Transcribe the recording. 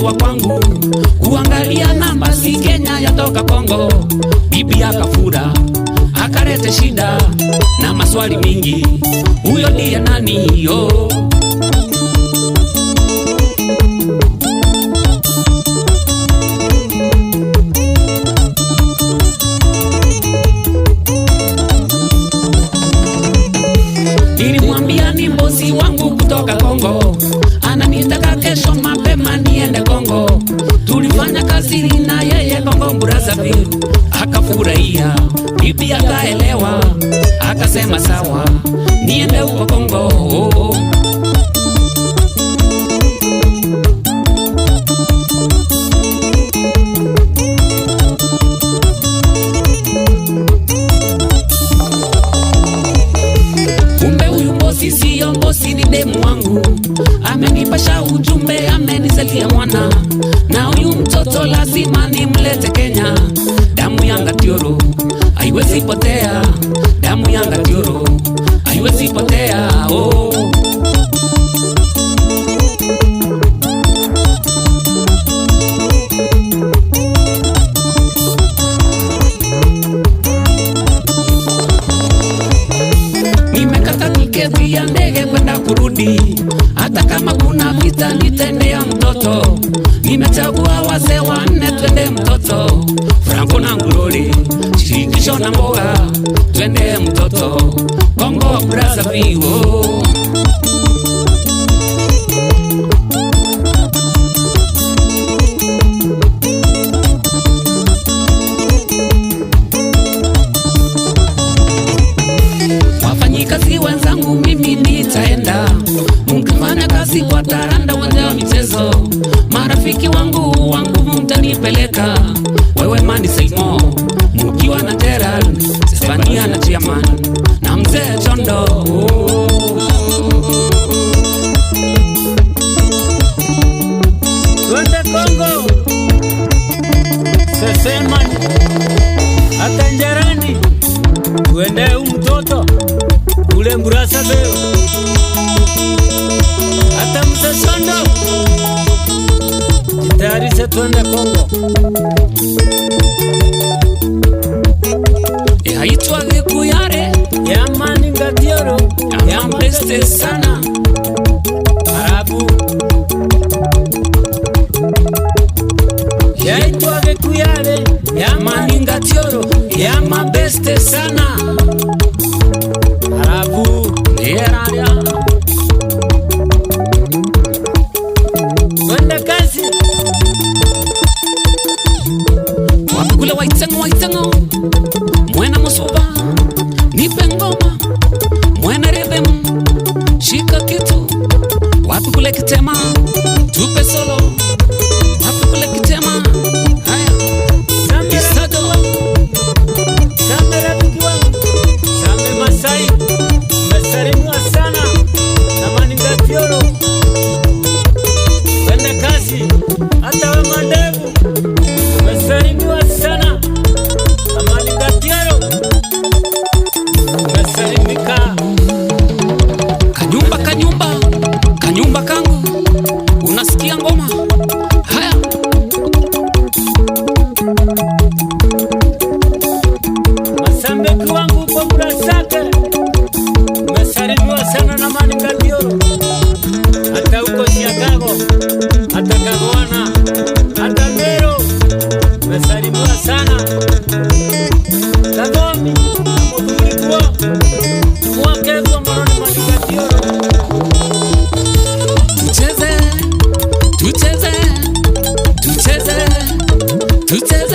wa kwangu kuangalia namba si Kenya yatoka Kongo. Bibi akafura akarete shida na maswali mingi sema sawa, niende huko Kongo. Kumbe huyu mbosi siyo mbosi, ni demu wangu, amenipasha ujumbe, amenizalia mwana, na huyu mtoto lazima nimlete Kenya. Damu yanga tioro haiwezi potea damu yanga tioro haiwezi potea oh. kwenda kurudi, hata kama kuna vita nitendea mtoto. Nimechagua wazee wanne, twende mtoto. Franco na Nguloli, shirikisho na mboga, twende mtoto. Kongo braza vivo oh. wafanyikazi wenzangu mimi ni nitaenda Mkifanya kazi kwa taranda, uwanja wa michezo, marafiki wangu wangu mtanipeleka. Wewe mani Saimo, mkiwa na Gerald, Stefania na Chiaman na mzee Chondo twende Kongo sesemani hata njerani tuende umtoto kulembura sabeo hata msashondo jitayarishe twende Kongo. E haitwa yamani ngadioro yambeste sana arabu yaitwa Vikuyare yamani ngadioro yamabeste sana Kule waitango waitango chakula chake. Umesalimiwa sana na Mani Kadiolo, hata huko Chicago, hata Kagwana, hata Mero, umesalimiwa sana Kagomi mutuliko mwakezwa moroni Mani Kadiolo. Tucheze, tucheze, tucheze, tucheze